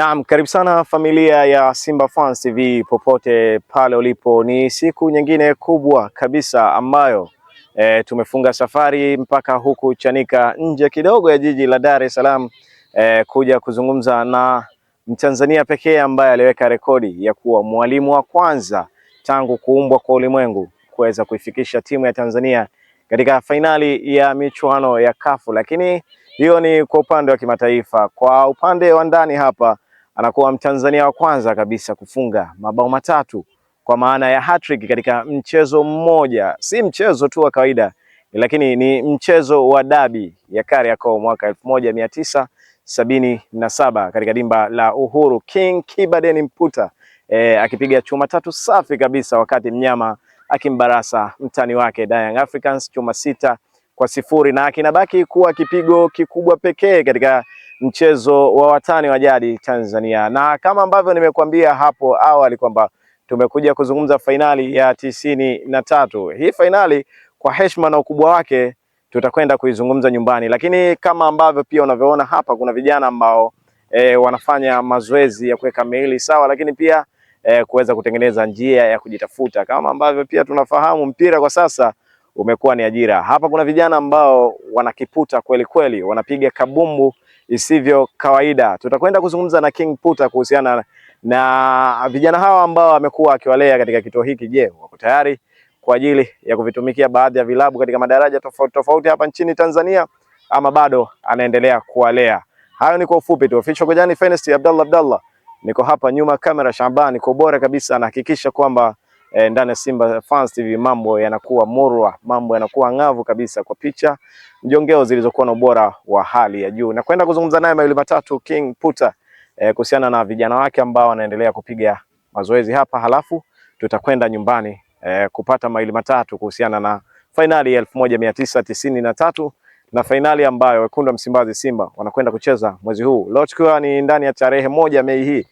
Naam, karibu sana familia ya Simba Fans TV popote pale ulipo. Ni siku nyingine kubwa kabisa ambayo e, tumefunga safari mpaka huku Chanika nje kidogo ya jiji la Dar es Salaam e, kuja kuzungumza na Mtanzania pekee ambaye aliweka rekodi ya kuwa mwalimu wa kwanza tangu kuumbwa kwa ulimwengu kuweza kuifikisha timu ya Tanzania katika fainali ya michuano ya kafu lakini hiyo ni kwa upande wa kimataifa. Kwa upande wa ndani hapa anakuwa Mtanzania wa kwanza kabisa kufunga mabao matatu kwa maana ya hattrick katika mchezo mmoja. Si mchezo tu wa kawaida, lakini ni mchezo wa dabi ya Kariakoo mwaka elfu moja mia tisa sabini na saba katika dimba la Uhuru, King Kibaden Mputa e, akipiga chuma tatu safi kabisa, wakati mnyama akimbarasa mtani wake Young Africans chuma sita kwa sifuri na akinabaki kuwa kipigo kikubwa pekee katika mchezo wa watani wa jadi Tanzania, na kama ambavyo nimekuambia hapo awali kwamba tumekuja kuzungumza fainali ya tisini na tatu. Hii fainali kwa heshima na ukubwa wake tutakwenda kuizungumza nyumbani, lakini kama ambavyo pia unavyoona hapa kuna vijana ambao e, wanafanya mazoezi ya kuweka miili sawa, lakini pia e, kuweza kutengeneza njia ya kujitafuta. Kama ambavyo pia tunafahamu mpira kwa sasa umekuwa ni ajira. Hapa kuna vijana ambao wanakiputa kweli kweli, wanapiga kabumbu isivyo kawaida. Tutakwenda kuzungumza na King Puta kuhusiana na vijana hawa ambao amekuwa akiwalea katika kituo hiki. Je, wako tayari kwa ajili ya kuvitumikia baadhi ya vilabu katika madaraja tofauti tofauti hapa nchini Tanzania ama bado anaendelea kuwalea? Hayo ni kwa ufupi tu. Official Kojani Finest, Abdallah Abdallah niko hapa nyuma kamera, Shabani kwa ubora kabisa anahakikisha kwamba e, ndani ya Simba Fans TV mambo yanakuwa murwa, mambo yanakuwa ng'avu kabisa kwa picha mjongeo zilizokuwa na ubora wa hali ya juu, na kwenda kuzungumza naye mawili matatu King Puta e, eh, kuhusiana na vijana wake ambao wanaendelea kupiga mazoezi hapa, halafu tutakwenda nyumbani e, kupata mawili matatu kuhusiana na fainali ya elfu moja tisini na tatu na fainali ambayo wekundu wa Msimbazi Simba wanakwenda kucheza mwezi huu lotukiwa ni ndani ya tarehe moja Mei hii,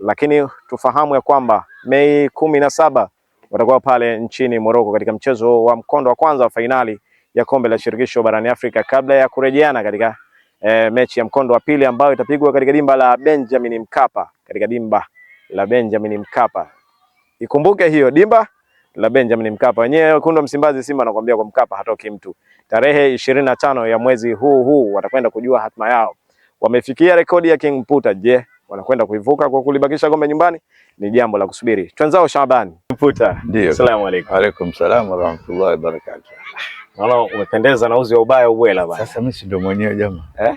lakini tufahamu ya kwamba Mei kumi na saba watakuwa pale nchini Morocco katika mchezo wa mkondo wa kwanza wa fainali ya kombe la shirikisho barani Afrika kabla ya kurejeana katika e, mechi ya mkondo wa pili ambayo itapigwa katika dimba la Benjamin Mkapa, katika dimba la Benjamin Mkapa. Ikumbuke hiyo dimba la Benjamin Mkapa wenyewe, wekundu Msimbazi Simba anakuambia kwa Mkapa hatoki mtu. Tarehe ishirini na tano ya mwezi huu huu watakwenda kujua hatima yao, wamefikia rekodi ya King Mputa. Je, wanakwenda kuivuka kwa kulibakisha kombe nyumbani ni jambo la kusubiri. Twenzao Shabani Mputa, ndio. Asalamu alaykum. Alaykum salaam wa rahmatullahi wa barakatuh. Naona umependeza na uzi wa ubaya ubwela bwana. Sasa mimi si ndio mwenyewe jamaa. Eh?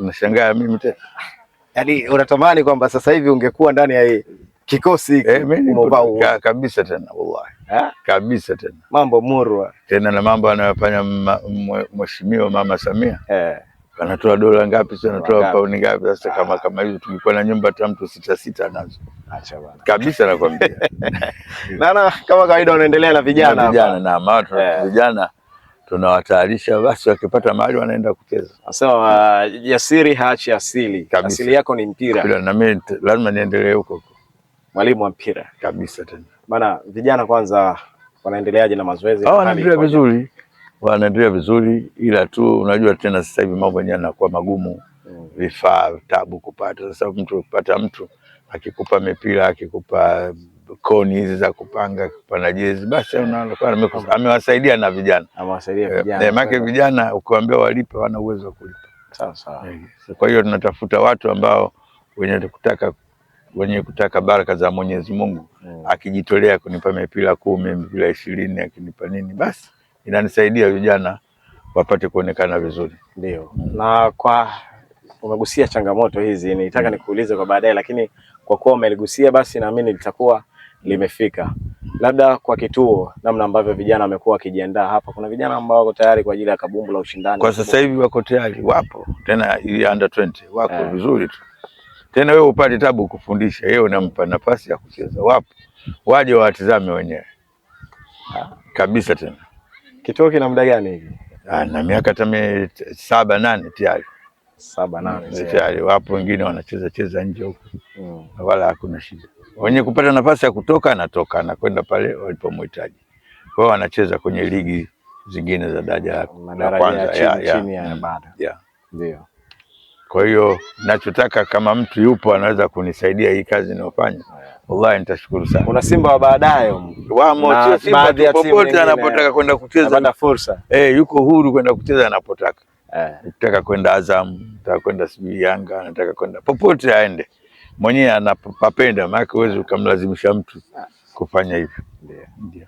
Unashangaa mimi tena. Yaani unatamani kwamba sasa hivi ungekuwa ndani ya kikosi eh, ka, kabisa tena wallahi. Ha? Eh? Kabisa tena. Mambo murwa. Tena na mambo anayofanya mheshimiwa Mama Samia. Eh anatoa dola ngapi, sio anatoa pauni ngapi? Sasa kama ah. kama hizo tulikuwa na nyumba hata mtu sita sita nazo, acha bwana kabisa, nakwambia na Kama kawaida, unaendelea na vijana vijana na mama eh. vijana tunawatayarisha basi, wakipata mahali wanaenda kucheza. Sawa, uh, jasiri haachi asili. Asili yako ni mpira, na mimi lazima niendelee huko, mwalimu wa mpira kabisa. Tena Maana vijana kwanza wanaendeleaje na mazoezi? Wanaendelea vizuri wanaendelea vizuri, ila tu unajua tena sasa hivi mambo yenyewe yanakuwa magumu mm. vifaa tabu kupata. Sasa mtu kupata mtu akikupa mipira akikupa koni hizi za kupanga kupanda na jezi, basi eh. amewasaidia na vijana eh, maana vijana ukiwambia walipe wana uwezo wa kulipa sasa. Eh, kwa hiyo tunatafuta watu ambao wenye kutaka wenye kutaka baraka za Mwenyezi Mungu mm. akijitolea kunipa mipira kumi mipira ishirini akinipa nini basi inanisaidia vijana wapate kuonekana vizuri. Ndio. Na kwa umegusia changamoto hizi nitaka nikuulize kwa baadaye, lakini kwa kuwa umeligusia basi naamini litakuwa limefika. Labda kwa kituo, namna ambavyo vijana wamekuwa wakijiandaa hapa, kuna vijana ambao wako tayari kwa ajili ya kabumbu la ushindani kwa sasa hivi, wako tayari, wapo tena under 20 wako yeah, vizuri tu tena wewe upate tabu kufundisha, yeye unampa nafasi ya kucheza. Wapo waje watizame wenyewe ah. kabisa tena Kituo kina muda gani hivi? Ah, na miaka tami saba nane tayari. Saba nane eh. tayari. Wapo wengine wanacheza cheza nje huko. Mm. Wala hakuna shida. Wenye kupata nafasi ya kutoka anatoka na kwenda pale walipomhitaji. Kwa hiyo wanacheza kwenye ligi zingine za daraja la kwanza chini, chini ya baada. Yeah. Ndio. Kwa hiyo nachotaka kama mtu yupo anaweza kunisaidia hii kazi ninayofanya Wallahi nitashukuru sana. Kuna Simba wa baadaye wamo, popote anapotaka kwenda kucheza fursa eh, yuko huru kwenda kucheza anapotaka eh. Nataka kwenda Azam, nataka kwenda sijui Yanga, nataka kwenda popote aende mwenyewe anapapenda, maana huwezi ukamlazimisha mtu kufanya hivyo. Ndio.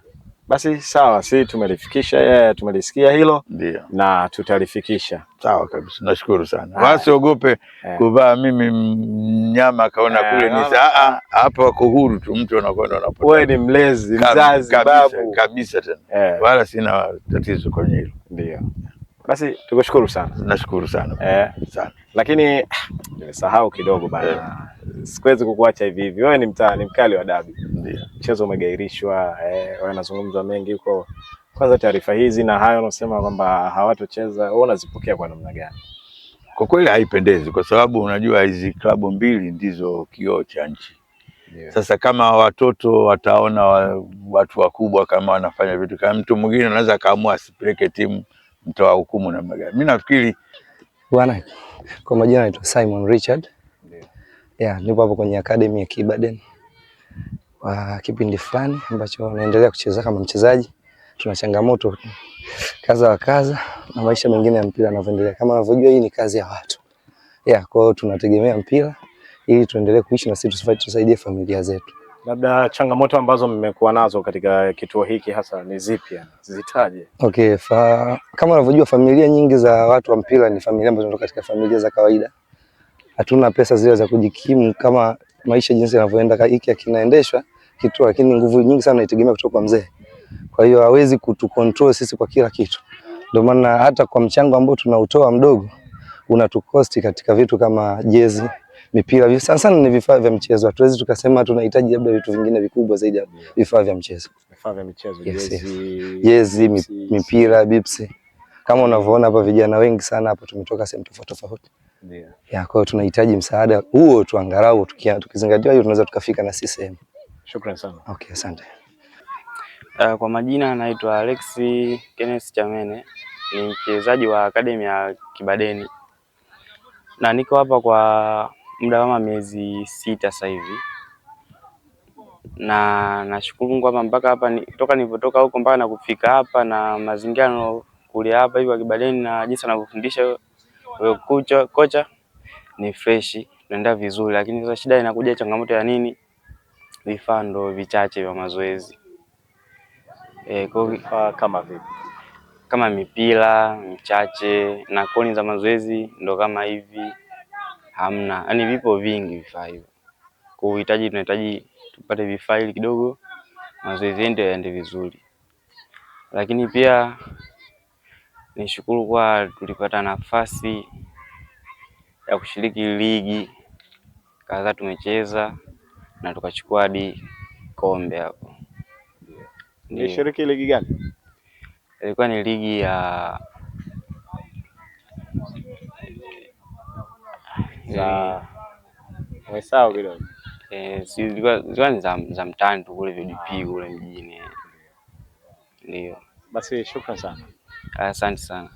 Basi sawa, si tumelifikisha yeye, tumelisikia hilo. Ndio. na tutalifikisha. Sawa kabisa, nashukuru sana. Wasiogope eh. kuvaa mimi mnyama akaona eh, kule ni saa ah, hapo, wako huru tu, mtu anakwenda unapotaka. Wewe ni mlezi, mzazi, babu kabisa tena, eh. wala sina tatizo kwenye hilo. Ndio. Basi tukushukuru sana. Nashukuru sana. Eh, sana. Lakini ah, nimesahau kidogo bana. Siwezi kukuacha hivi hivi. Wewe ni mtaani mkali wa dabi mchezo umegairishwa, eh, wanazungumzwa mengi huko. Kwanza taarifa hizi na hayo unasema kwamba hawatocheza, wewe unazipokea kwa namna gani? Kwa kweli haipendezi, kwa sababu unajua hizi klabu mbili ndizo kioo cha nchi. Yeah. Sasa kama watoto wataona watu wakubwa kama wanafanya vitu kama, mtu mwingine anaweza akaamua asipeleke timu, mtoa hukumu namna gani? Mimi nafikiri bwana, kwa majina naitwa Simon Richard. Yeah. Yeah, nipo hapo kwenye academy ya Kibaden wa kipindi fulani ambacho naendelea kucheza kama mchezaji. Tuna changamoto kaza wa kaza na maisha mengine ya mpira yanavyoendelea. Kama unavyojua, hii ni kazi ya watu yeah. Kwa hiyo tunategemea mpira ili tuendelee kuishi na sisi tusaidie familia zetu. Labda changamoto ambazo mmekuwa nazo katika kituo hiki hasa ni zipi? Zitaje. Okay, fa... kama unavyojua familia nyingi za watu wa mpira ni familia ambazo zinatoka katika familia za kawaida. Hatuna pesa zile za kujikimu kama maisha jinsi yanavyoenda, hiki kinaendeshwa kitu, lakini nguvu nyingi sana inategemea kutoka kwa mzee. Kwa hiyo hawezi kutukontrol sisi kwa kila kitu, ndio maana hata kwa mchango ambao tunautoa mdogo unatukosti katika vitu kama jezi, mipira, sana sana ni vifaa vya mchezo. Hatuwezi tukasema tunahitaji labda vitu vingine vikubwa zaidi ya vifaa vya mchezo, vifaa vya michezo, yes, jezi, jezi, mipira, bipsi. Kama unavyoona hapa, vijana wengi sana hapa tumetoka sehemu tofauti tofauti. Ndio. Ya, kwa hiyo tunahitaji msaada huo tu angalau tukizingatia hiyo tunaweza tukafika na sisi sehemu. Shukrani sana. Okay, asante. Uh, kwa majina anaitwa Alex Kenneth Chamene ni mchezaji wa akademi ya Kibadeni na niko hapa kwa muda kama miezi sita sasa hivi, na nashukuru Mungu hapa mpaka hapa ni, toka nilipotoka huko mpaka na kufika hapa na mazingira kulia hapa hivi Kibadeni na jinsi anavyofundisha kocha, kocha ni freshi naenda vizuri, lakini sasa shida inakuja changamoto ya nini, vifaa ndo vichache vya mazoezi e, kwa... kama vipi? Kama mipira michache na koni za mazoezi ndo kama hivi hamna, yani vipo vingi vifaa hivyo, kwa uhitaji tunahitaji tupate vifaa ili kidogo mazoezi yende yaende vizuri, lakini pia nishukuru kwa tulipata nafasi ya kushiriki ligi kadhaa, tumecheza na tukachukua hadi kombe hapo. Nilishiriki ligi gani? Ilikuwa ni ligi ya za wesao kidogo eh, si ilikuwa ni za, za mtaani tu kule VDP kule mjini. Ndio basi, shukrani sana. Asante sana.